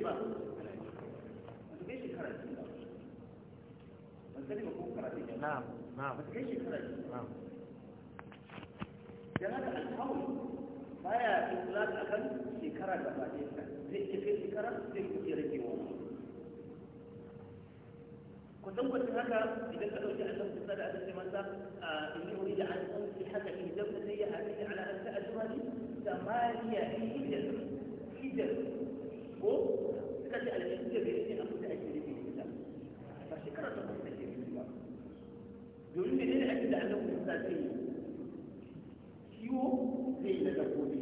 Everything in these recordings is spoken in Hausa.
ce ba su karatu ba shekara biyu ba dan haka baya ikhlas akan shekara da ba ɗaya zai iya kai shekara zai iya ragewa haka idan ka ɗauki a ɗauki da a ɗauki masa a inni wuri da an ɗauki haka idan zama zai yi a cikin ala ta ajiyar da ma ya iya hijir hijir ko suka ce alƙibla bai ne abin da ake ba ta ba domin ake da annabi Musa zai yi zai yi dabbobi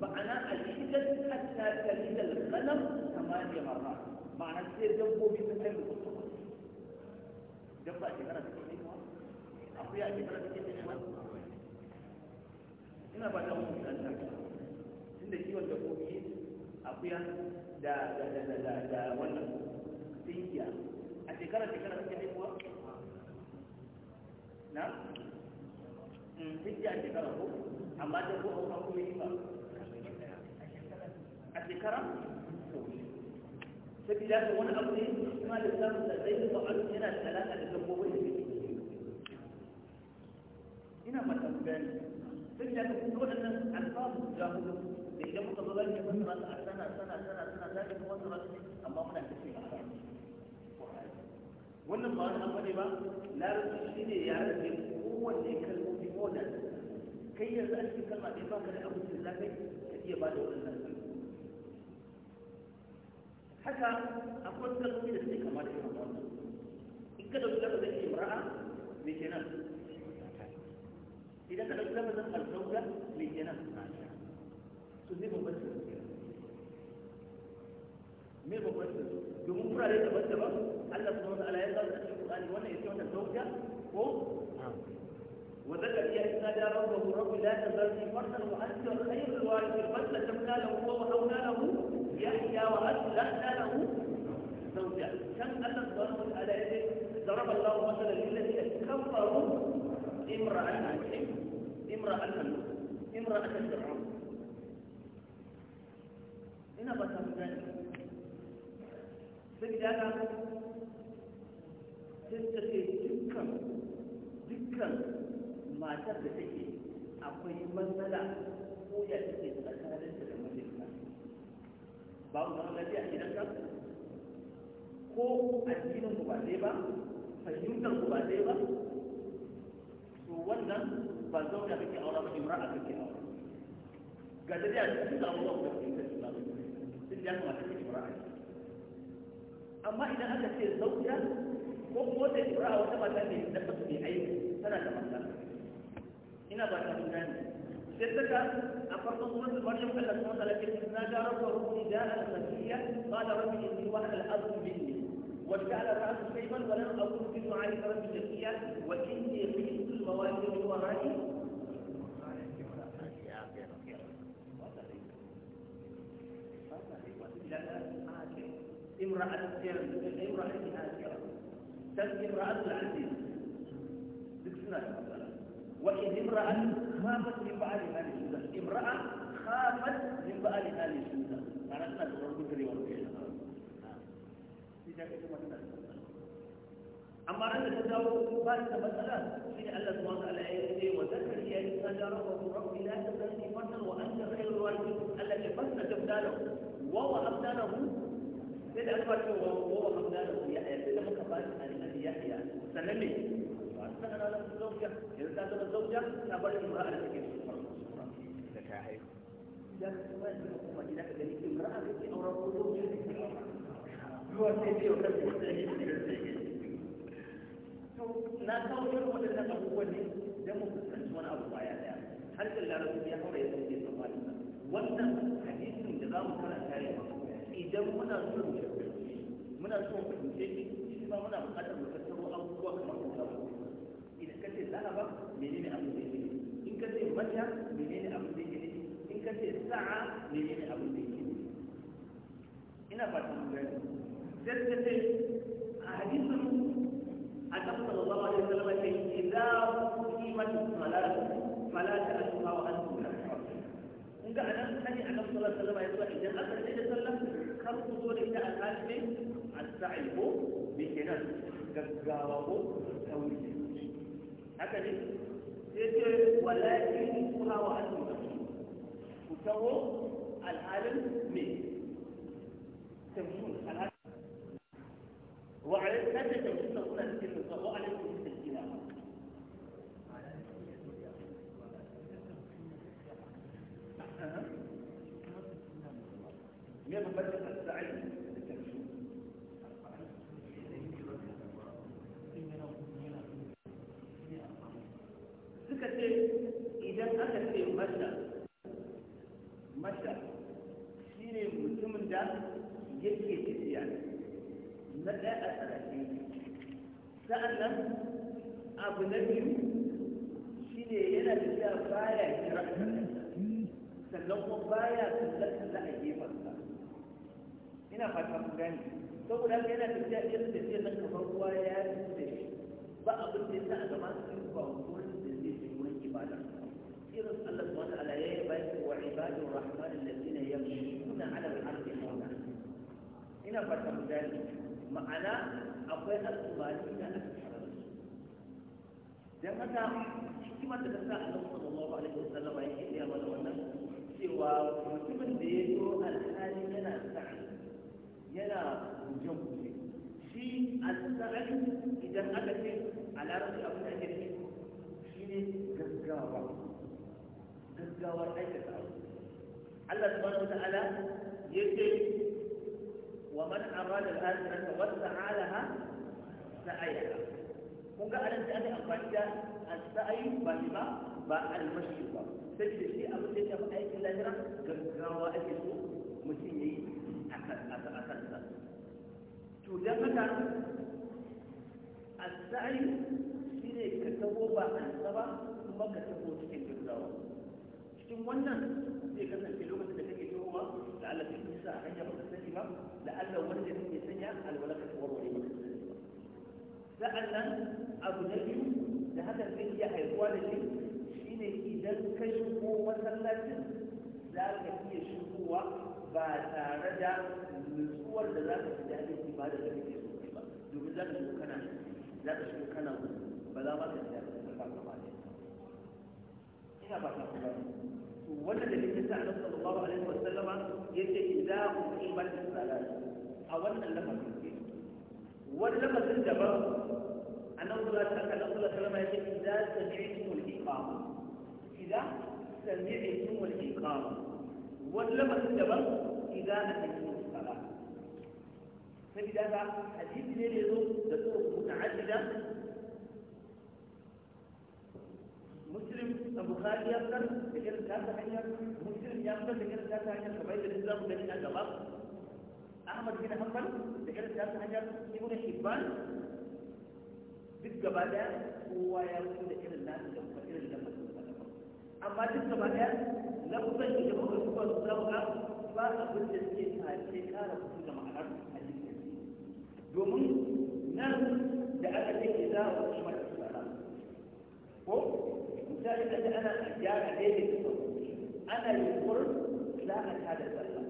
ma'ana hatta ma'ana sai dabbobi sun kai a shekara ta akwai a shekara ta kuma ina ba ta da kiwon dabbobi akuya da da da da da wannan a shekara shekara suke na mm, a shekara ko amma da ko a kuma yi ba a shekara sai da ta wani abu ne kuma da samun da zai ba yana da alaƙa da dabbobin da ke ina gani sai da ta kuma waɗannan da da idan muka zo amma muna kashe wannan ba wani abu ne ba larabci shi ne yaren da kowanne kalmomi modal kai yanzu a cikin kalma ɗaya baka da abin da za ka iya ba da wannan haka akwai kalmomi da suke kama da irin wannan in ka dauki lafazin imra'a me kenan idan ka dauki lafazin alzauja me kenan su zai bambanci me bambancin su domin wurare daban-daban Allah subhanahu wa ta'ala ya zama a cikin Qur'ani wannan yake وذكر يا إنسان ربه رب لا تذرني فردا وأنت خير الوارثين فاستجبنا له ووهبنا له يحيى وأصلحنا له زوجة كم أن الظلم على يده ضرب الله مثلا للذين كفروا امرأة نوح امرأة نوح امرأة فرعون هنا بس sai saboda haka tattake dukkan dukkan matar da take akwai matsala ko ya take tsakanin da mijinta ba ku zama lafiya a gidanka ko addinin ku ba dai ba fahimtar ku ba dai ba to wannan ba da kake aura ba imra'a kake aura ga dariya da su samu zauna kake aura sun ya kamata kake imra'a amma idan aka ce zauja ko kuma ta yi ikra wata mata ne da ta fi aiki tana da mata ina ba ta mun ne sai ta ka a farkon suratul maryam Allah subhanahu wa ta'ala ke na ga rabbahu nida'an nabiyya qala rabbi inni wahana al-azmu minni وجعل رأسه شيبا ولم أكن في ya رب شقيا وإني خفت الموالي ya ورائي Yeah. امرأة امرأة آسيا تل امرأة العزيز بكسنا وإذ امرأة خافت من بعد هذه امرأة خافت من بعد هذه الشدة معناتها تقول كذي والله أما أن تدعو بعد مثلا في الله سبحانه وتعالى وذكر يا إنسان ربه ربي لا تذرني فردا وأنت خير الوارثين الذي فسد له وهو له سيدي أكبر وهو خبناه يحيى سيدي مكفاز عن أبي يحيى وسلمي وأستغنى لك الزوجة إذا كانت الزوجة نقول المرأة لك لك عيب لك ما يسمى لك ذلك المرأة التي أورث الزوجة هو سيدي وكفي سيدي na kawo irin waɗannan abubuwan ne don mu fuskanci wani abu baya ɗaya har da larabci ya kawo ya zama ya tsammani wannan hadisin da za mu karanta yau idan muna so muna so mu fahimce shi shi ba muna buƙatar mu tattaro abubuwa kamar ba idan ka ce zahaba menene abin da yake in ka ce mata menene abin da yake in ka ce sa'a menene abin da yake ina fatan mu gani sai ka ce a hadisin annabi sallallahu alaihi wasallam ya ce idza qimat salat fala ta'tuha wa antum la kun ga anan sani a sallallahu alaihi wasallam ya ce idan aka ce da sallah kar ku zo da ita a kafin as-sa'i ko me kenan gaggawa ko sauri haka ne sai ce wallahi kuna wa antum ku taho alhalin ne abu na biyu shi ne yana tafiya baya kira sannan kuma baya kallon a gefensa ina fata mun gani saboda haka yana tafiya irin tafiya nan kamar ruwa ya yi da shi ba abin da yasa a zama su ba wani da zai yi wani ibada irin Allah su wani ala ya yi bayan wa ibadur rahman yau suna 'ala al-ardi ina fata mun gani ma'ana akwai na subhanahu dan haka hikimar da ta sa annabi sallallahu alaihi wasallam ya yi da wannan cewa mutumin da ya zo alhali yana sa'i yana gujen guje shi al-sa'i idan aka ce a larabci abin da ake nufi shine gaggawa gaggawar aikata abu Allah subhanahu wa ta'ala yace wa man arada al-akhirata wa sa'alaha sa'ayha kun ga anan sai aka amfani da as saayi ba ba ba al ba sai da shi abu da ya fi aikin lahira gaggawa ake so mutum yayi akan akan akan to dan haka as shi shine ka tabo ba an ba kuma ka tabo cikin gaggawa cikin wannan zai kasance lokacin da kake ba, da Allah ya sa hanya ba ka sani ba da Allah wanda ya sanya alwala ka warware maka sa'annan abu na biyu da haka zai iya haihuwa da shi shine idan ka shigo masallacin za ka iya shigowa ba tare da nutsuwar da za ka fi ake ba da kake so ba domin za ka shigo kana za ka shigo kana ba za ma ka ji daɗin ka kama da ina ba ta kuma wannan da nake sa annabi sallallahu alaihi wasallama yace idza uqimat da salat a wannan lamarin wani lafazin daban annabi sallallahu alaihi wasallam ya ce idza sami'tum al-iqam idza sami'tum al-iqam wani lafazin daban idza atiqtum as-salat saboda haka hadisi ne da zo da tsoro muta'addida مسلم أبو خالد يذكر ذكر ذات حجر مسلم يذكر ذكر ذات حجر فبيت الإسلام الذي أجبر ahmad bin hanbal da irin tasu hajar ibn hibban duk gaba daya kowa ya rufe da irin nasu da kuma irin lafazin amma duk gaba daya lafazin da jama'a kuma su zama ba abin da suke tace kara fito da ma'anar hadisi domin nan da aka ce ke za a kuma da tsara ko misali kaji ana gyara daidai ana yunkurin za a tada sallah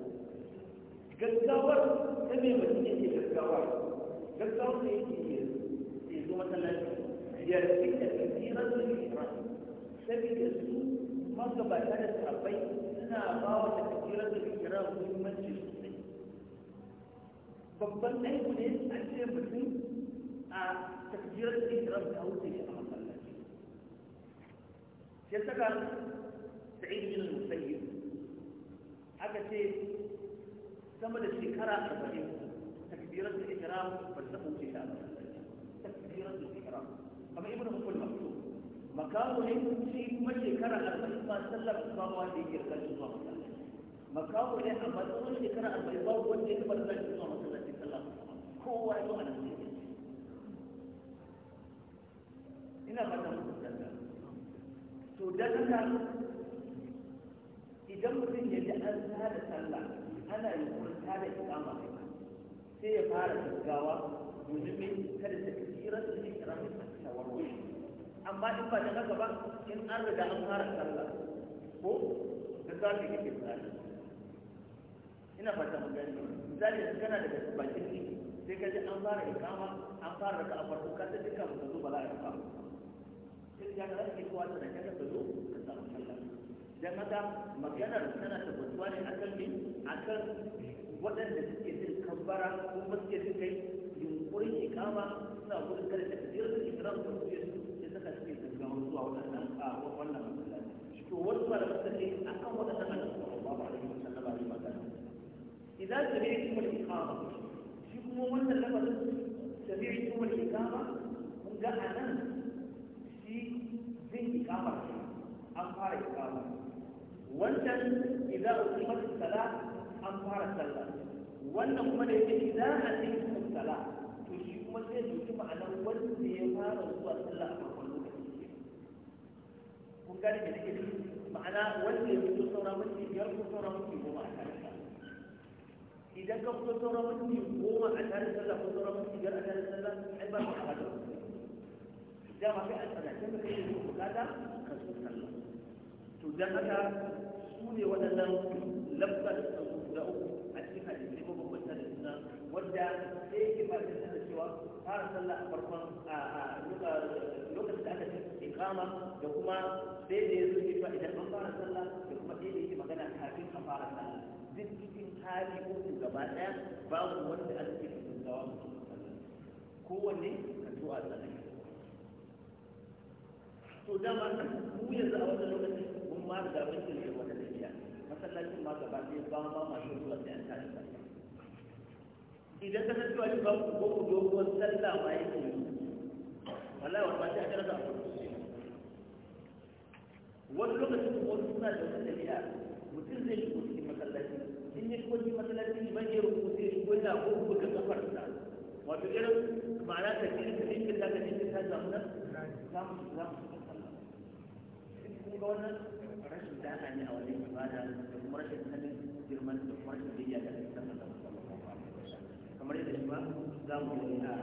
gaggawar ta mai mutum yake gaggawar gaggawar da yake yi sai zo masallaci yarfi da kafiran da ke ran saboda su magabata da sahabbai suna ba wa da kafiran da ke ran muhimmanci sosai babban aiki ne a ce mutum a takjirar da ke ran ta wuce shi a masallaci ya saka sa'id bin musayyib aka ce sama da shekara arba'in takbirar da ihram ba ta kuce ta takbirar da ihram amma ibn hukul maktu makamu ne shi kuma shekara arba'in ba sallar ba wanda yake kan zuwa makamu ne amma tsawon shekara arba'in ba wanda yake bar zai zuwa masallaci sallah kowa ya zo a nan ina fatan to dan haka idan mutum ya ji an sada sallah ana yunkurin tada ikama sai ya fara gaggawa domin mai kada ta tsirar da shi kira mai shawarwar amma in ba da haka ba in an riga an fara sallah ko gaggawa ne kake tsari ina fata mun gani misali yanzu kana daga bakin ne sai ka ji an fara ikama an fara daga a farko ka duka ba ba za a yi ba sai ya ga rashin kowa da kaga ka zo ka samu sallah dan haka maganar tana tabbatuwa ne akan ne akan waɗanda suke jin kambara ko suke jin kai yunkurin ikama suna gudun kada da kafiyar da ikram da suke ya saka suke gaggawa zuwa waɗannan a wannan masallaci to wasu malamai sun ce akan waɗannan annabi sallallahu alaihi wasallam ne magana idan sami'tum al-iqama shi kuma wannan lafazin sami'tum al-iqama kun ga anan shi zai iqama an fara iqama wancan idan uqimat salat an fara sallah wannan kuma da yake idan aqimat salat to shi kuma sai dauki ma'anar wanda ya fara zuwa sallah a farkon lokaci kun gane me nake ma'ana wanda ya fito saura mutum biyar ko saura mutum goma a tare idan ka fito saura mutum goma a tare sallah ko saura mutum biyar a tare sallah ai ba ka da dama kai a tsanace ka kai da bukata ka so sallah to dan haka su ne waɗannan lafza da suka da uku a cikin hadisi mabambanta da suna wadda sai yake ba da cewa fara sallah a farkon a lokacin da aka ce ikama da kuma sai da ya zo cewa idan an fara sallah da kuma sai da yake magana kafin a fara sallah duk cikin hali uku gaba ɗaya babu wanda an ce gaggawa mutum kowanne ka zo a sallah. to dama mu yanzu a wannan lokacin ma da mun ce wata tafiya masallacin ma gaba ɗaya ba ma zuwa sai an tashi ba idan ka san cewa shi ba ku sallah ma yake yi wallahi wani wani lokacin wani suna da wani mutum zai shigo cikin masallaci in ya shigo cikin masallaci ya shigo ko buga kafar sa wato irin ma'ana ta kiri ta dinkin ta zamu nan za mu za mu rashin dana ne a wajen ibada da kuma rashin sanin girman da kuma rashin biyya da ake sanar da kamar yadda shi ma za mu yi a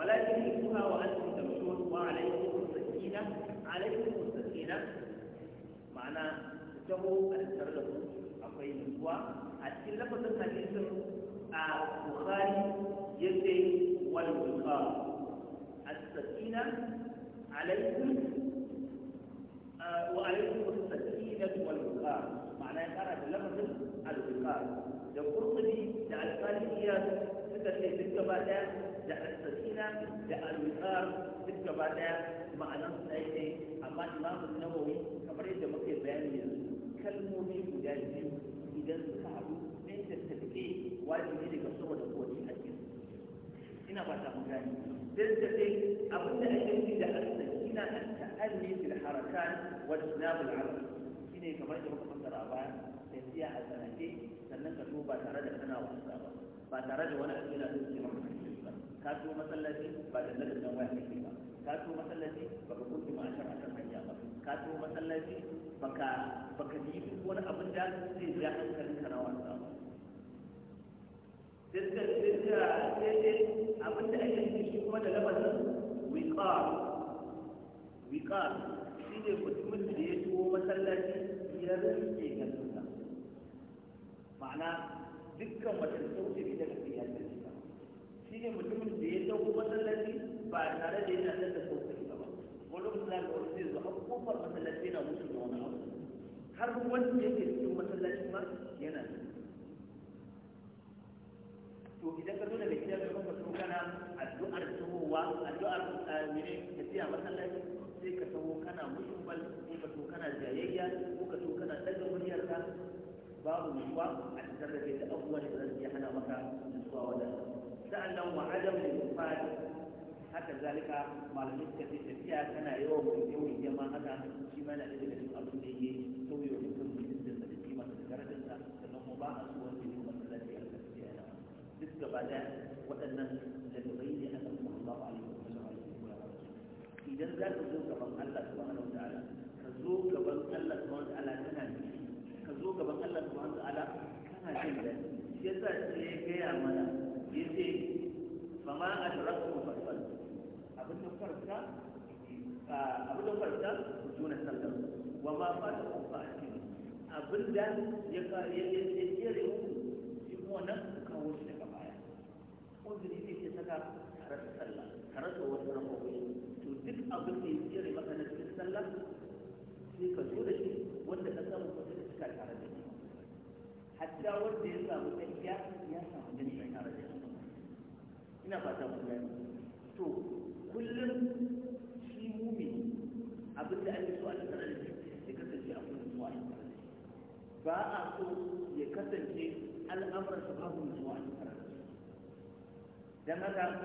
ولكن يكونها وأنتم تمشون وعليكم السكينة عليكم السكينة معنى تتبعوا أن تردوا أقوي نسوا أتكلم لفظة حديث البخاري يدي والوقار السكينة alaikum wa alaikum sakinatu wal wiqar ma'ana ya kara da lafazin al da qurtubi da al-qaliya suka ce duk gaba da al-sakina da al-wiqar duk gaba daya ma'anan su ne amma kamar yadda muke bayani yanzu kalmomi idan suka da ne ina ba ta mutane dan ta ce abin da ake nufi da as-sakina at-ta'alli fil harakat wa islam al-arab kamar da muka fassara a baya tafiya a tsanake sannan ka ba tare da kana wasa ba ba tare da wani abin da zai ce maka ba ka so masallaci ba da ladan nan waya kake ba ka so masallaci ba ka kuntu ma a kan akan hanya ba ka so masallaci baka baka yi wani abin da zai ja hankalin kana wasa ba dinka dinka sai abin da ake yi shi kuma da lafazin wiqar wiqar shi ne mutumin da ya shigo masallaci ya rike ganinsa ma'ana dukkan mutum sau da ita da ya tsaya shi ne mutumin da ya dauko masallaci ba tare da yana da sauƙi ba wani musulman da wani zai zo a kofar masallaci yana musu da wani abu har wanda yake cikin masallaci ma yana da to idan ka zo daga gida ka kuma so kana addu'ar tsohowa addu'ar eh, mene da tiya masallaci sai ka tawo kana mushumbal sai ka so kana jayayya ko ka so kana daga muryarka babu nutsuwa a cikin rage da abubuwan da zai hana maka zuwa wajen sa'annan wa adam ne mufadi haka zalika malamai suka ce tafiya kana yawan mai yawan jama haka shi ma na da daga cikin abin da yake sauyewa mutum mutum da sarki masa da karatunsa sannan ba a so wanda duk gaba daya waɗannan lalibai ne a kan da alaihi wa sallam idan za ka zo gaban Allah subhanahu ka zo gaban Allah subhanahu wa ta'ala kana ka zo gaban Allah subhanahu wa ta'ala kana jin daɗi yasa sai ya gaya mana ya ce fama ashraku fasal abin da farka abin da farka juna sallar wa ma fa abin da ya ya ya ya ya ya ya ya ya ya uzuri ne ke saka sallah to duk abin ya maka na cikin sallah sai ka da shi wanda ka samu kuɗi da suka tare da shi hatta wanda ya samu ya samu a tare da shi ina fata mun gani to kullum shi mumini abin da ake so a tattare da shi ya kasance a kullum zuwa ba a so ya kasance al'amuransa babu mutuwa a dan haka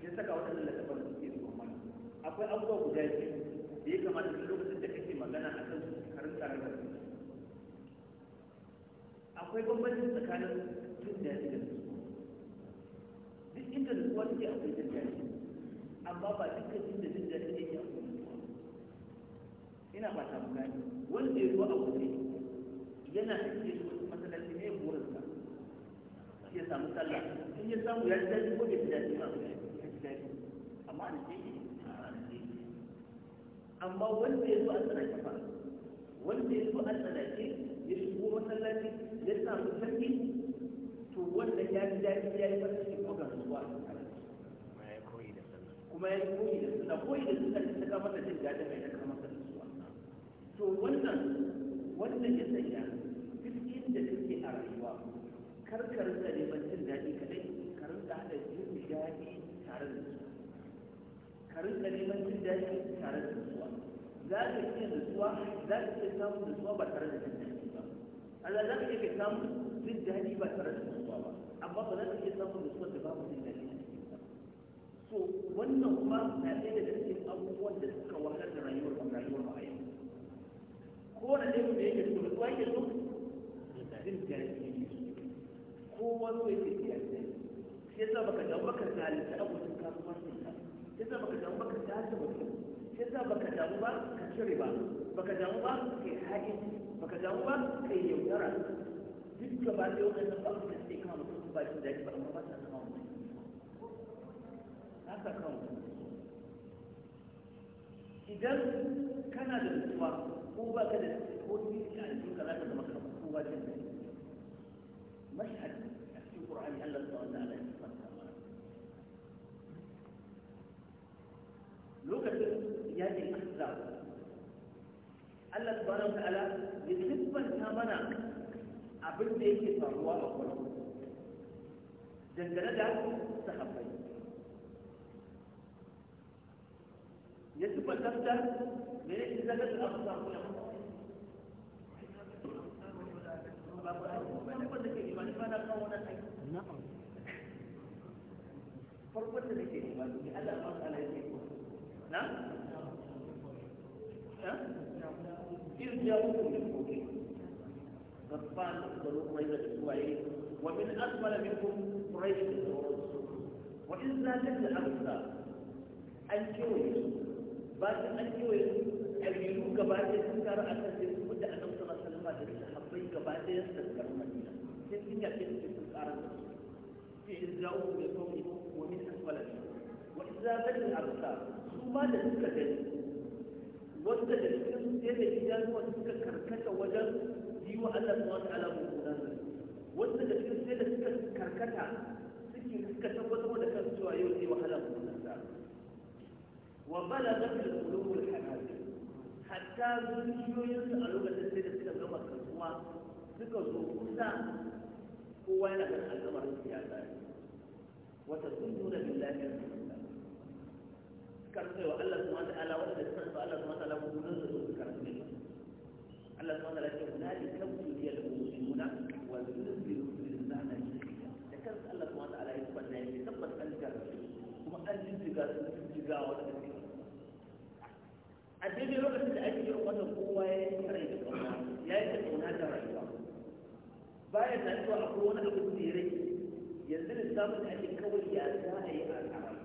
shi saka wannan littafan da suke zuwa mana akwai abubuwa guda biyu da ya kamata duk lokacin da kake magana a kan su karin tsarin da akwai bambanci tsakanin jin daɗi da su duk inda wani take akwai jin daɗi amma ba dukkan inda jin daɗi yake akwai nutsuwa ina ba ta gani wanda ya zo a wuri yana da ke masallaci ne burinsa ya samu sallah in ya samu ya ji daɗi ko bai ji daɗi ba ya ji daɗi amma da sai amma wanda ya zo a wanda ya zo a ya shigo masallaci ya samu sarki to wanda ya ji daɗi ya yi masa shi ko ga zuwa kuma ya koyi da suna koyi da suna da saka jin daɗi mai da kama zuwa to wannan wannan ya sanya duk inda kake a rayuwa karkar da neman jin daɗi kaɗai da ana jin daɗi tare da su ka rinka neman jin daɗi tare da su za ka iya su za ka iya samun su ba tare da jin daɗi ba Allah za ka iya samun jin daɗi ba tare da su ba amma ba za ka iya samun su da babu jin daɗi so wannan kuma na ɗaya daga cikin abubuwan da suka wahalar da rayuwar rayuwar mu a yau kowane ɗaya da yake so nutsuwa yake so jin daɗi ko so kowa so yasa baka damu baka zalunci abokin kasuwancin ka yasa baka damu baka zalunci mutum yasa baka damu ba ka cire ba baka damu ba kai haƙi baka damu ba kai yaudara duk gaba da waɗannan ba su sai kama mutum ba shi daji ba amma ba sa zama mutum haka kan idan kana da mutuwa ko ba ka da ko ni a cikin kana da makamu ko ba jin mashhad a cikin qur'ani Allah subhanahu wa ta'ala بالله الأخزار الله سبحانه وتعالى يتبا تامنا abin da yake faruwa a kwanu dangane da sahabbai ya ci da abu da da ne ba su ne Allah ba su ala yake na إذ جاءوكم من قريظة السوائي ومن أقبل منكم قريش وإذ زادت الأمثال أن كويس بعد أن كويس ƙabilu gaba ɗaya sun taru a kan sai kuma da annabi sallallahu alaihi wasallam da sahabbai gaba ɗaya sun taru Madina sai sun yace su sun ƙara da su fi izra'u bi qawmi da wanda da cikin sai da idanuwa suka karkata wajen yi wa Allah subhanahu wa ta'ala mummunan wanda da cikin sai da suka karkata suke suka tabbatar da kansu cewa yau zai wahala mummunan wa balagat al-qulub al-hanajir hatta su a lokacin sai da suka gama kasuwa suka zo kusa kowa yana da al'amar siyasa wata sun nuna billahi karfe wa Allah subhanahu mata Ala wanda suka so Allah subhanahu wa ta'ala ko dun su su karfe ne Allah subhanahu wa ta'ala ya nadi kafin ya al-mu'minuna wa yunzilu bil zahna da kan Allah subhanahu wa ta'ala ya fanna ya tabbas an karfe kuma an jinjiga su jinjiga wa da a daidai lokacin da ake yin wannan kowa ya yi kare da kauna ya yi da kauna da rayuwa bayan na zuwa akwai wani abu da ya rage yanzu da samun da ake kawai ya za a yi a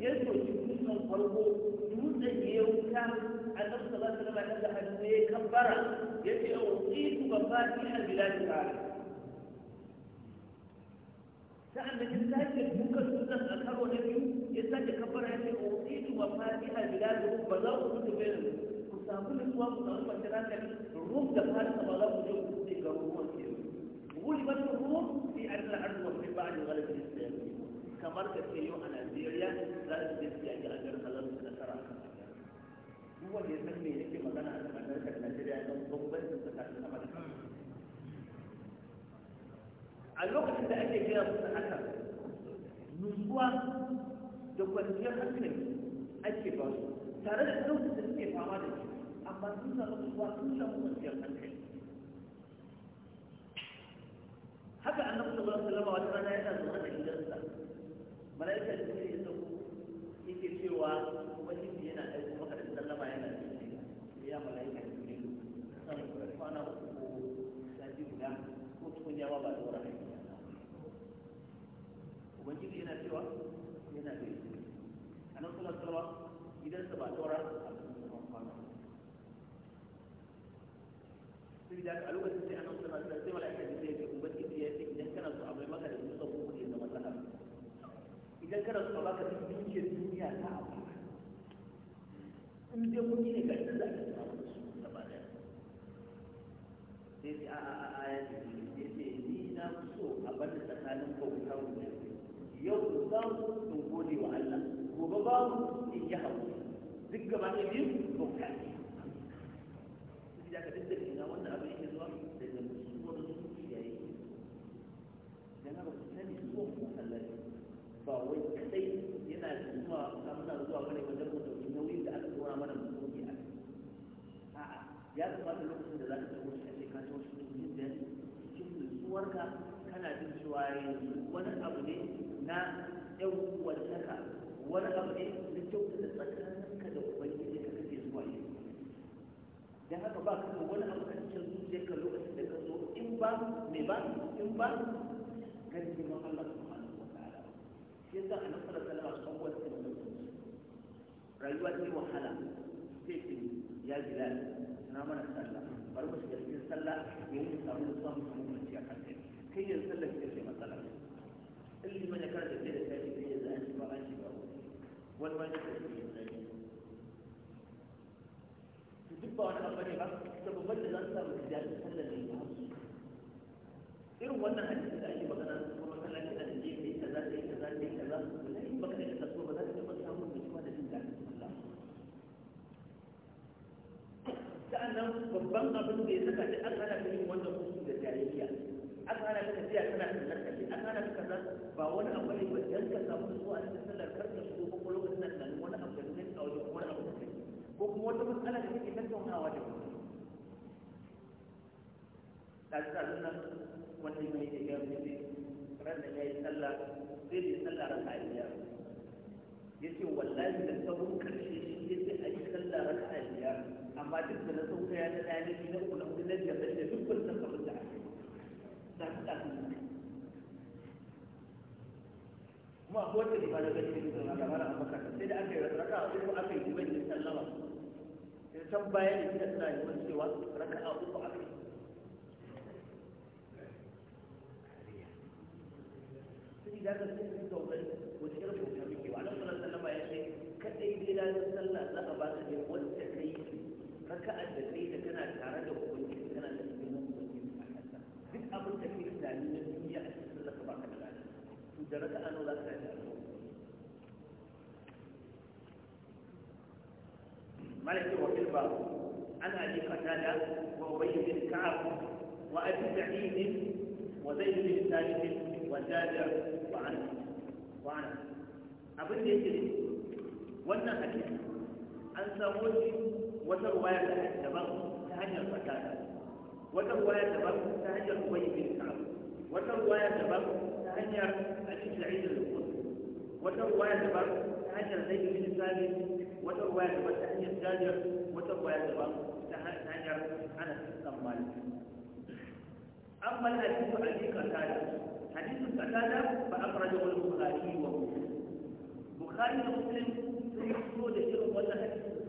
ya soki dutsen farko dutsen da ya wuta annabi sallallahu alaihi wasallam da hannu ya kabbara ya ce wa qitu mafatiha bilad al-arab sa'an da ya sake dukan dutsen a karo na biyu ya sake kabbara ya ce wa qitu mafatiha bilad al-arab ba za ku mutu bayan ku samu nutsuwa ku samu kwanciyar hankali rum da fata ba za ku je ku kuɗe garuruwan ke غلبت الروم في ادنى الارض وفي بعض غلبه الاسلام kamar ka ce yau a najeriya za su je su yaƙi algarka za su nasara a kan duk wanda ya san me yake magana a kan algarka da najeriya ya san bambancin tsakanin amurka a lokacin da ake gina musu haka nutsuwa da kwanciyar hankali ake ba su tare da ɗaukar da suke fama da shi amma sun samu nutsuwa sun samu kwanciyar hankali haka annabi sallallahu alaihi wasallam wata rana yana zuwa malaikar da ke yake cewa yana aiko maka da sallama yana ya malaikar da kwana ko sati guda ko tukun yawa ba da aiki ubangiji yana cewa yana da a nan kuma ba a cikin kwana. Sai da a lokacin hujjoji ne ga da a a a ya ce ce ni na so a bar da tsakanin bauta yau in gode wa Allah gobe babu in yi haƙuri duk gaba biyu bauta ne ina wannan abin yake zuwa da su yayi ku sani Allah ba wai kadai yana zuwa kamar zuwa wani wajen mutum nauyin da aka tsora mana ya kamata lokacin da za ka tawo shi kace ka tawo shi cikin da cikin nutsuwarka kana jin cewa yanzu wani abu ne na yan uwantaka wani abu ne na kyauta da tsakaninka da ubangiji ka kake zuwa yi dan haka ba ka wani abu a cikin zuciyarka lokacin da ka zo in ba mai ba in ba kan ji ma Allah subhanahu wa ta'ala shi yasa annabi sallallahu alaihi wasallam kawai rayuwa ce wahala sai ya gida bilal na mana sallah bari mu shiga cikin sallah ya yi samu da samu samu mu ci a kan kai kai yin sallah ke ce matsala in liman ya karanta da sai sai ya zai an shiga ba wani ma ya karanta sai ya zai duk ba wani abu ne ba sababbin da zan samu da jami'in sallah ne ya irin wannan hadisi da ake magana kuma sallah ke da jefe kaza yi kaza sai kaza sa'annan babban abin da ya saka shi an hana ka yin wannan hutu da jahiliya an hana ka tafiya kana sallar kaje an hana ka kaza ba wani abu ne ba dan ka samu nutsuwa a cikin sallar kar ka shigo ko lokacin nan nan wani abu da kake a wajen wani abu da kake ko kuma wata matsala da kake tattaunawa da mutum ɗazu-ɗazun nan wanda mai da ya rufe ran da ya yi sallah zai yi sallah ran a biyar ya ce wallahi da sauran karshe shi ya ce a yi sallah ran a biyar amma duk da na tsoka ya da ɗaya ne na uku na hudu na biyar da shida duk wani sassa wanda ake za su ɗasu ne kuma ko wata riba da gaske da zama labarin abubakar sai da aka yi raka a uku aka yi kuma yin sallama sai can baya da kina suna yi wani cewa raka a uku aka yi sai da ka sai sun gaugari wasu irin bauta muke wa nan sallar sallama ya ce kaɗai dai lalata sallah za a ba ta ne wani raka'ar da kai da kana tare da hukunci kana da cikin hukunci a kansa duk abin da kai tunani na duniya a cikin zaka baka da lada to da raka'a nawa za ka yi ملك وفي الباب عن ابي قتاده وابي بن كعب وابي سعيد وزيد بن ثابت وجابر وعنه وعنه ابن يسير وانا حديث an samo shi wata ruwaya daban ta hanyar fatata wata ruwaya daban ta hanyar ubay bin ka'ab wata ruwaya daban ta hanyar ali sa'id al-khudri wata ruwaya daban ta hanyar zaid bin sabit wata ruwaya daban ta hanyar jabir wata ruwaya daban ta hanyar anas bin malik amma al-hadith abi qatada حديث قتادة فأخرجه البخاري ومسلم بخاري ومسلم في حدود إلهم وتحديث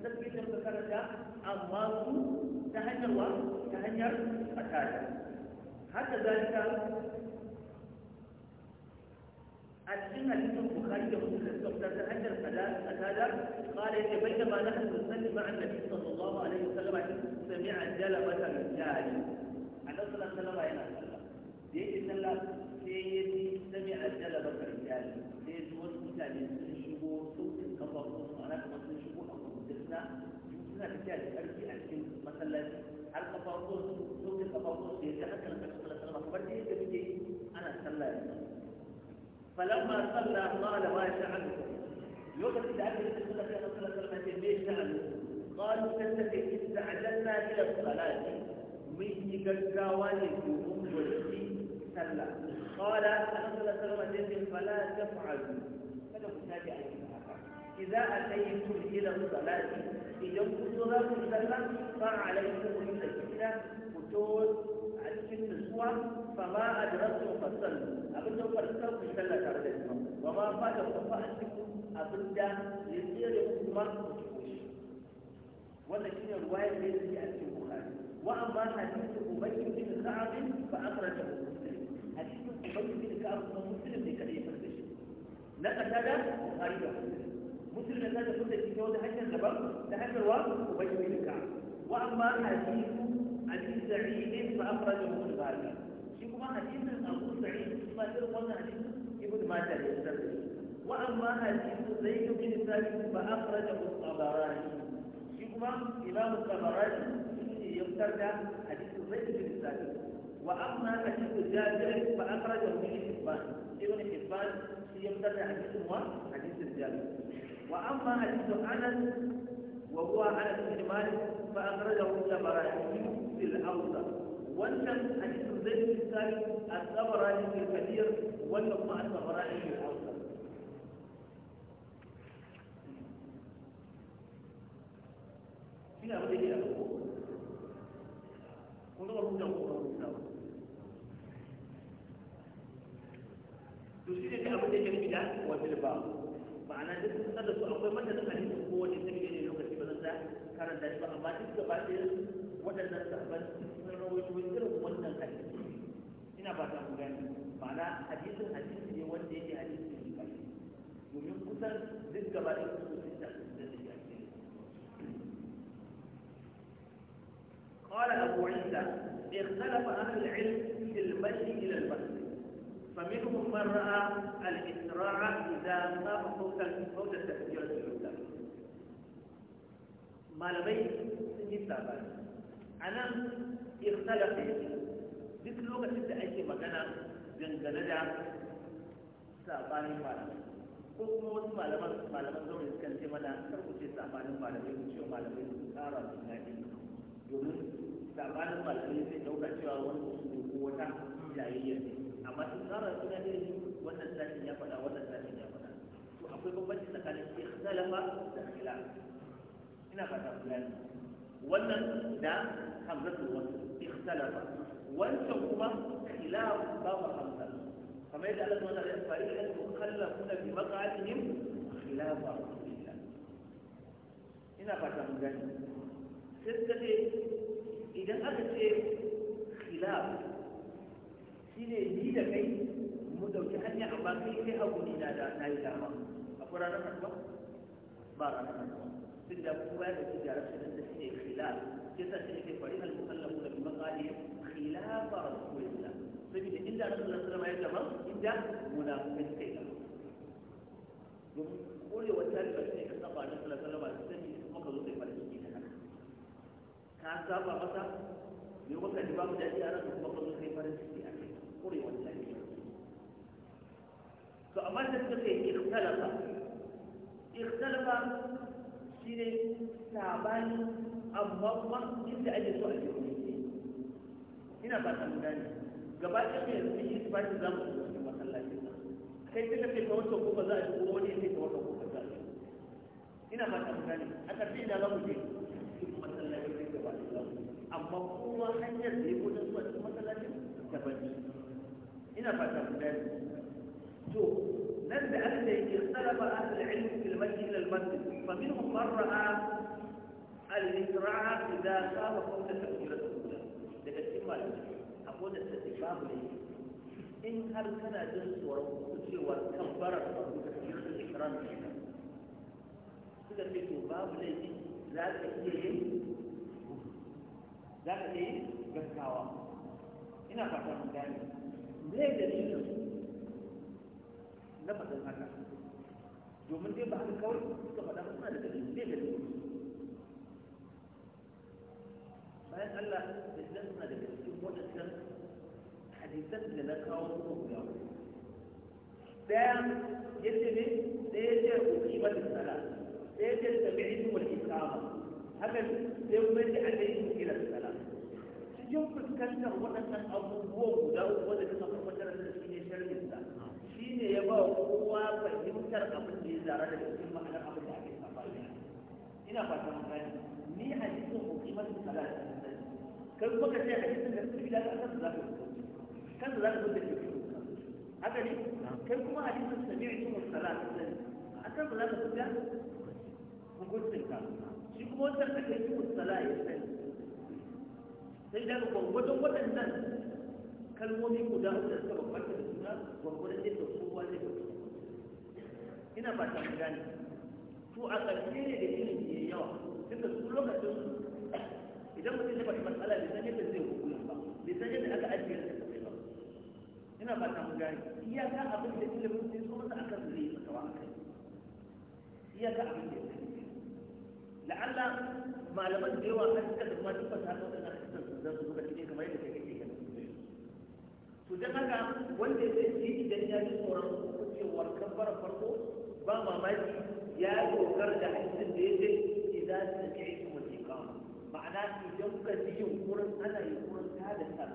da karanta amma su ta hanyar wa ta hanyar fasada haka zalika a cikin hadisin bukari da muslim da ta hanyar fasada qala ya bayyana sani nusalli an nabi sallallahu alaihi wasallam jala mata al-jari a nan alaihi wasallam yana sallah da yake sallah sai ya ji jala mata al-jari sai wasu mutane sun shigo sun kafa su ma'ana kuma sun shigo a kudin suna tafiya da ƙarfi a cikin masallaci har kafafuwan su lokacin kafafuwan su ya ji haka na ƙarfi sallar salama kamar da yadda muke ana sallah da su falamma sallah qala ma sha'anukum lokacin da aka yi sallah sai sallar salama ce me sha'anukum qalu tattabi ista'jalna ila salati mun yi gaggawa ne domin wajen sallah qala sallallahu alaihi wa sallam fala taf'alu kada ku tabi ayyuka إذا أتيتم إلى الصلاة إذا كنتم صلاة فعليكم السكينة وتوت عشان نسوة فما أدركتم فصلوا أبدا فرسوا في صلاة كردتكم وما فاتكم فأتكم أبدا يصيركم ما ولكن الرواية ليست رواية ليس في البخاري وأما حديث أبي بن كعب فأخرجه مسلم حديث أبي بن كعب مسلم لكريم البشر نقل هذا بخاري ومسلم مسلم لا تكون في جوده حتى النبر لحد الوقت وبين الكعب واما حديث حديث سعيد فاخرجه ابن ماجه شيكما حديث ابو سعيد ما تروى حديث ابن ماجه يستدل واما حديث زيد بن ثابت فاخرجه الطبراني شيكما امام الطبراني يقتل حديث زيد بن ثابت واما حديث جابر فاخرجه ابن حبان ابن حبان يقتل حديث وحديث جابر وأما حديث أنس وهو أنس بن مالك فأخرجه الطبراني في الأوسط وانتم حديث زيد بن ثابت الطبراني في الكثير وانتم مع الطبراني في الأوسط هنا أقول لك كنا رمضان رمضان تشير إلى أبو دجال بلا وتلبا ma'ana duk sun da su akwai mata da hadisi ko wani sai ne lokaci ba zan karanta shi ba amma duk gaba ɗaya waɗannan sahabban sun rawaito irin wannan hadisi ina ba ta ku gani ma'ana hadisin hadisi ne wanda yake hadisi ne domin kusan duk gaba ɗaya sun sun da su da قال أبو عيسى اختلف أهل العلم في المشي فمنهم من رأى الإسراع إذا قام فوق فوق التكبيرة الأولى malamai sun yi sabani a nan ikhtalafa yake duk lokacin da ake magana dangane da sabanin malamai ko kuma wasu malaman malaman zaune suka ce mana kar ku ce sabanin malamai ku ce malamai su tsara su gani domin sabanin malamai zai dauka cewa wani su ko wata jayayyar ne amma in tsara suna irin wannan sashen ya faɗa wannan sashen ya faɗa to akwai bambanci tsakanin ikhtalafa da khila. ina ba ta wannan da hamzatul wasu ikhtalafa wancan kuma khilaf ba wa hamza kamar yadda Allah subhanahu wa ta'ala ya fara ila mukallafuna bi maq'adihim khilafa ina fata mun gani sai suka idan aka ce khilaf shi ne ni da kai mu dauki hanya amma kai kai abu ni na da na yi dama akwai ranar kasuwa ba ranar kasuwa duk da kuma ya dauki jarar shi da shi ne khilal ke sa shi ne ke fari al mukallamu da bi maqali khilafa rasulillah saboda inda rasulullah sallallahu alaihi wasallam ya dama inda munafikai kai dama domin korewar tarihi ne ka saba da sallallahu alaihi wasallam sai kuma ka zo kai farin ciki da haka ka saba masa ne wanda ba mu da iyara kuma ka zo kai farin ciki kure wannan ne to amma da suka ce ikhtalafa ikhtalafa shine sabani amma kuma inda ake so a yi ina ba ta gane gaba ɗaya yanzu shi ba ta zamu cikin masallacin nan kai duka ce ka wata kuma za a yi kuma wani ya ne ka wata kuma za a yi ina ba ta gane a karfi ina za mu je cikin masallacin ne gaba ɗaya amma kowa hanyar da ya gudun zuwa cikin masallacin daban ne هنا فتح الباب شو الناس بأهل اختلف أهل العلم في المجد إلى المسجد فمنهم من رأى الإسراع إذا صار قوة تأجيرة الأولى لكن كما أقول الاستفاق لي إن هل كان جنس وروسي وكبر الأولى في الإسراع إذا في الباب لي لا تأجيرين لا تأجيرين بس كواب هنا فتح الباب ne dalilin na faɗin haka domin dai ba haka kawai suka faɗa suna da dalilin ne dalilin bayan Allah da nan suna da cikin waɗannan hadisan da na kawo muku guda ɗaya ya ce ne ɗaya ya ce ku kima da sala ɗaya ya ce tabi'in wal ikama hakan sai kuma ya ce an yi ila sala kin fuskantar waɗannan abubuwa guda uku wanda duka farkon da shi ne sharrin sa shi ne ya ba kowa fahimtar abin da ya zara daga cikin ma'anar abin da ake safari ina fatan mun gani ni hadisin hukumar salat kai kuma ka ce hadisin da suke gidan kansa za ka kansa za ka zo da shi haka ne kai kuma hadisin sami'tu salat akan za ka zo da hukuncin ka shi kuma wannan da kai hukumar salat jar gwangwadon waɗannan kalmomi guda uku da suka da kowa ina ba ta a ƙarshe ne da yawa duka su lokacin idan mutum ya faɗi matsala bai san yadda zai ba bai san yadda aka ajiye da ba ina ba ta iyaka abin da ilimin sai so masa akan zai yi akai iyaka abin da ya la'alla malaman da yawa kan da kuma duk fasa haka wadannan hadisan sun da su zuba cikin kamar yadda kai kake kana to dan haka wanda ya ji idan ya ji tsoron kucewar kabbara farko ba mamaki ya dogara da hadisin da ya ce idan ta ce ita Ba kama ma'ana idan kuka ji yunkurin ana yunkurin ta da ta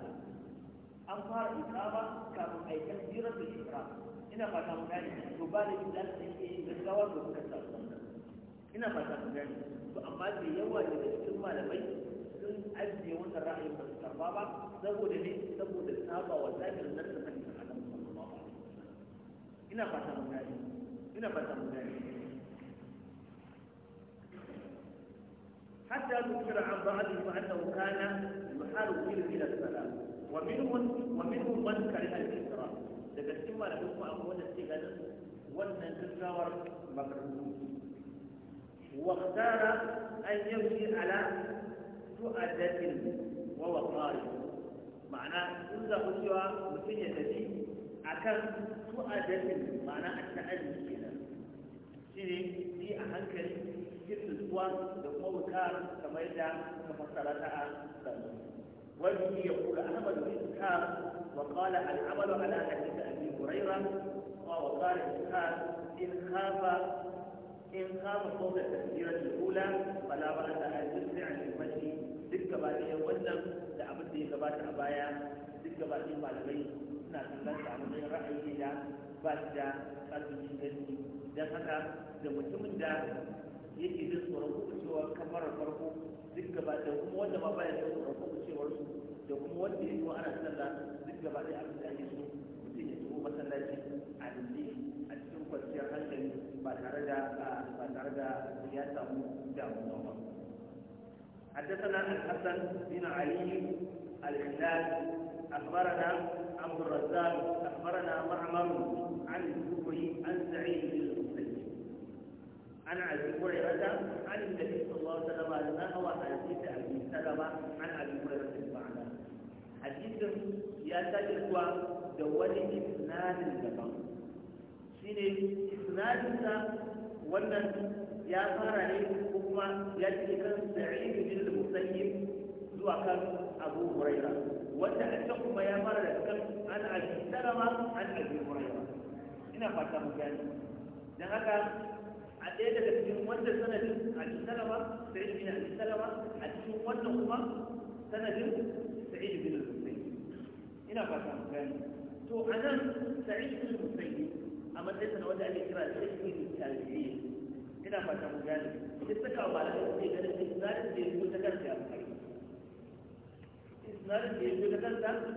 an fara ikama kafin a yi kan jirar da shekara ina fata mu gane to ba da idan ta ce gaggawa da kuka sallah ina fata ku gani to amma da yawa daga cikin malamai sun ajiye wannan ra'ayin ba su karba ba saboda ne saboda saba wa zahirin nan da kan adam sallallahu alaihi ku gani ina fata ku gani حتى ذكر عن بعضهم انه كان يحارب الى السلام ومنهم ومنهم من كره الكسرى daga cikin malamin ku an wanda suke ganin wannan gaggawar makarantu واختار أن يمشي على سؤدة ووقار معناه كل خشوة مفيدة تجي أكم سؤدة معناه التأذي كده شيء في أهنكري جسد الزوان لكم وكار كما يدعى تفصلتها وجهه يقول أحمد بن إسحاق وقال العمل على حديث أبي هريرة وقال إسحاق إن خاف in kama ko ga tasira da kula bala ba ta hajjin sai a limashi duk gaba ɗaya wannan da abin da ya gabata a baya duk gaba ɗaya malamai suna kallon sa a matsayin ra'ayi da ba shi da ƙarfin inganci don haka da mutumin da yake jin tsoron kuɓucewar kamarar farko duk gaba da kuma wanda ma baya jin tsoron su da kuma wanda ya yi wa ana sallah duk gaba ɗaya abin ake so masallaci a a cikin kwanciyar hankali ba tare da ba tare da ya samu damuwa ba حدثنا الحسن بن علي الخلال اخبرنا عبد الرزاق اخبرنا معمر عن الزهري عن سعيد بن المسيب عن ابي هريره عن النبي صلى الله عليه وسلم قال نهى حديث ابي سلمه عن ابي هريره المعنى حديث يا تجربه da wani isnadin daban shi ne zalinsa wannan ya fara ne ko kuma ya ce kan sa'idu bin musayyib zuwa kan abu huraira wanda a can kuma ya fara da kan an abi salama an abi huraira ina fata mu gani dan haka a ɗaya daga cikin wanda sanadin abi salama sa'idu bin abi salama a cikin wanda kuma sanadin sa'idu bin musayyib ina fata mu gani to anan sa'idu bin musayyib a matsayin na wanda ake kira shirkin tarihi ina fata mu duk ganin da ya zo ta kanta ya kai da ya zo ta kanta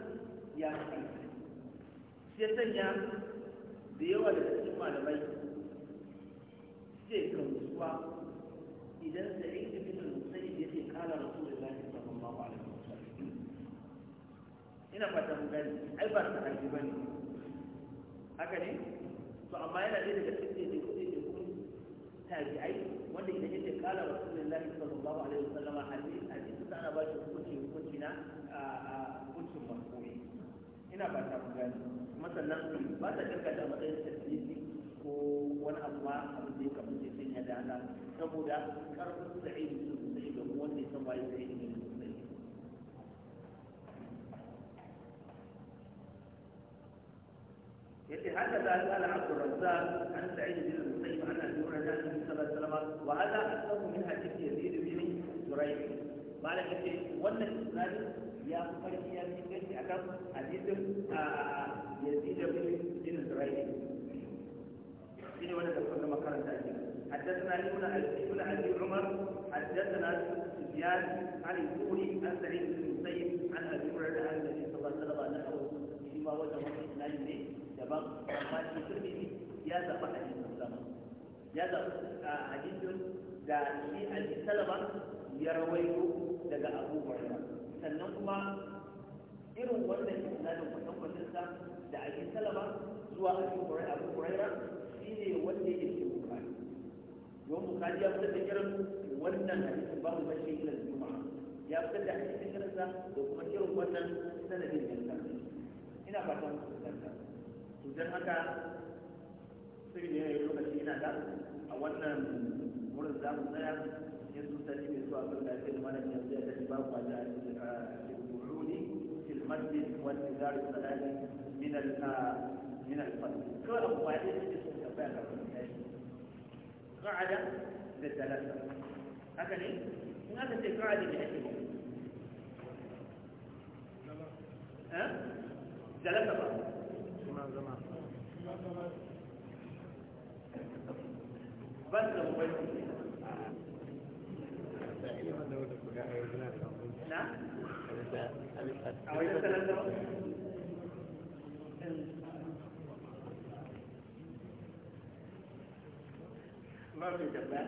sai sanya da yawa cikin malamai idan kala ina fata ai ba ta haifi to amma yana da daga cikin da kuɗe da kun tabi'ai wanda idan yake kala wa sallallahu alaihi wasallam hadisi hadisi sa ana ba shi hukunci hukunci na a hukuncin makoni ina ba ta ku gani masallan ba ta da matsayin tasiri ko wani abu ba abin da ya kamata ya sanya da haka saboda karfin sa'idu su sa'idu wanda ya san waye sa'idu هكذا قال عبد الرزاق عن سعيد بن المسيب عن ابي هريره النبي صلى الله عليه وسلم وهذا اكثر من حديث يزيد بن زريع قال كيف ولا يا فرقي يا سيدي اكثر حديث يزيد بن زريع شنو ولا تقول لما كان حدثنا ابن ابن ابي عمر حدثنا سفيان عن الكوري عن سعيد بن المسيب عن ابي هريره عن النبي صلى الله عليه وسلم انه فيما وجه من الاسلام daban amma shi turmidi ya zaɓi hadisin sama ya zaɓi a hadisin da shi abi salama ya rawaito daga abubuwan hurairah sannan kuma irin wannan isnadin kwatankwacin sa da abi salama zuwa abu hurairah shine wanda yake bukari don bukari ya fitar da irin wannan hadisin babu bashi ila juma'a ya fitar da hadisin irinsa da kuma irin wannan sanadin da ina fatan kusurta don haka sirri ne mai lokaci yana da a wannan wurin za mu tsaya ya su sani mai zuwa kan da ake zama da yanzu ya tafi babu wata a cikin المسجد والإزار الصلاة من من الفضل قال وبعدين تجلس تباهى قاعدة للثلاثة هكذا هذا قاعدة لحكمة ها؟ ثلاثة zama ban da ba ba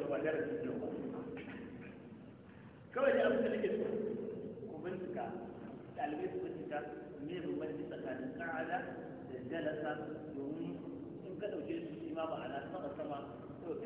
ne kawai da abin da nake so ku bincika ɗalibai su bincika me bambanci tsakanin ka'ada da jalasa domin in ka ɗauke su shi ma ma'ana sama sama kawai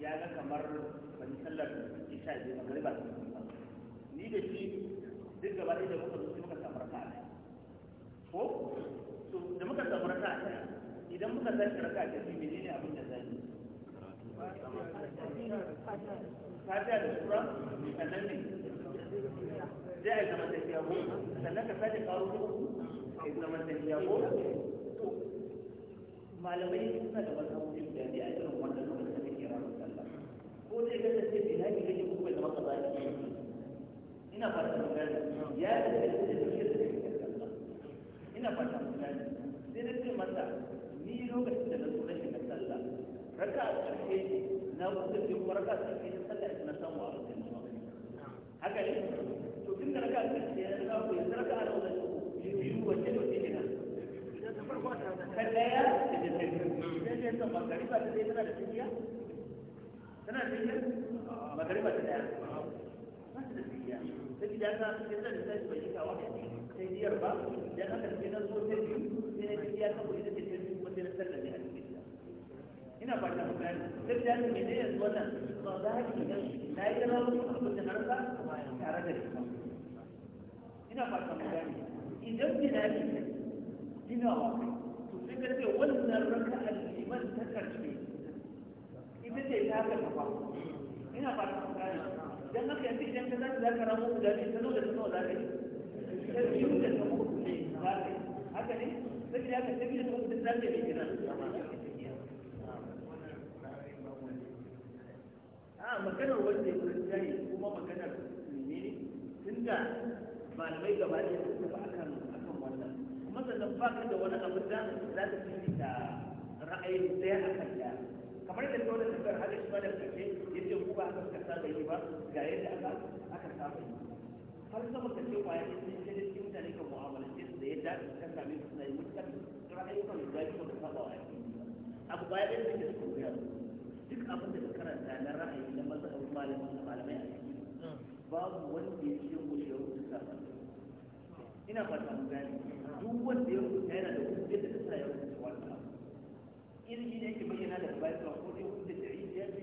ya ga kamar wani sallar isha biyu na gari ba su ni da shi duk gaba ɗaya da muka zo sai muka samu raka ne ko to da muka samu raka ne idan muka tashi raka ta shi menene abin da zai fatiha da sura sannan ne zai a zama tafiya ko sannan ka sake karo ko a zama tafiya ko malamai suna da wata hukun da ya ji a irin wannan ko zai kasance da na kake kuma zama ka zaki ina fata mun gane ya da kake da kake da ina fata mun sai da ce mata ni lokacin da na zo na shiga sallah raka a ƙarshe na kusa ce kuma raka a ƙarshe na sallah na samu a wajen haka ne wannan lissafi bai cika wa sai biyar ba dan haka sai na zo ta biyu sai na biya ta kuɗi da ta biyu kuma sai na sallame a cikin ta ina fata mu gani sai da ni ne yanzu wannan ba za ka yi na yi zama wasu abin da harka tare da kuma ina fata mu gani idan ni na yi ina wa kai to sai ka ce wannan raka'ar liman ta karshe ita ce ta karfa ina fata mu gani dan haka yanzu idan ka zaka zaka ramu guda ne sanar da nawa zaka yi sai biyu da ta uku ne zaka yi haka ne sai ya ka tafi da uku da zaka yi kina a maganar wanda ya ta jari kuma ne. menene da malamai gaba ne su ba akan akan wannan kuma sannan ba ka da wani abin da za ta fi da ra'ayin ɗaya akan kamar da dole da kar hada shi ba da kace yace ku ba ka kasa da yi ba ga yadda aka aka saba yi har sama ka ce kwaya ne sai da cikin mutane kan mu'amala ce da yadda ka suna yi mutum da ra'ayukan da yi kuma da saba wa abu ba ya da yake da kuma duk abin da ka karanta na ra'ayi na mazhabin malamin da malamai a ciki babu da ya ce mu shi rubuta ina fata mu gani duk wanda ya rubuta yana da ilimi da yake bayyana da bayan ko dai da yi ya ce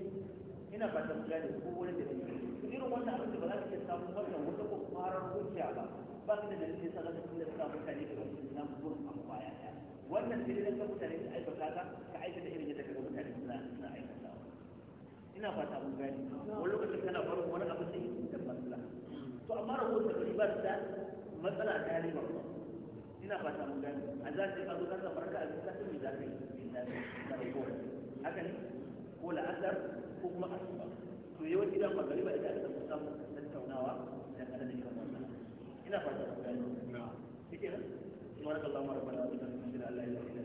ina ba ta kula da ko wani da yi irin wannan abin da ba za ka iya samun wannan wata ko kwarar hujja ba ba ka da dalilin sa za ka da sa mutane da wasu samun gurin abu baya ɗaya wannan sai da ka mutane su aikata ka ka aikata irin yadda ka mutane suna aikata ina fata mun gani wani lokacin kana farin wani abu sai da matsala to amma rahoton da riba da matsala ta riba ina fata mun gani a za ka zo ka samu raka a cikin mai za ka na mai kowa haka ne ko la'asar ko kuma asuba to yawanci idan magariba ita aka samu samun tattaunawa dangane da irin wannan ina fata ku gani shi kenan subhanakallahu wa bihamdika ashhadu an la ilaha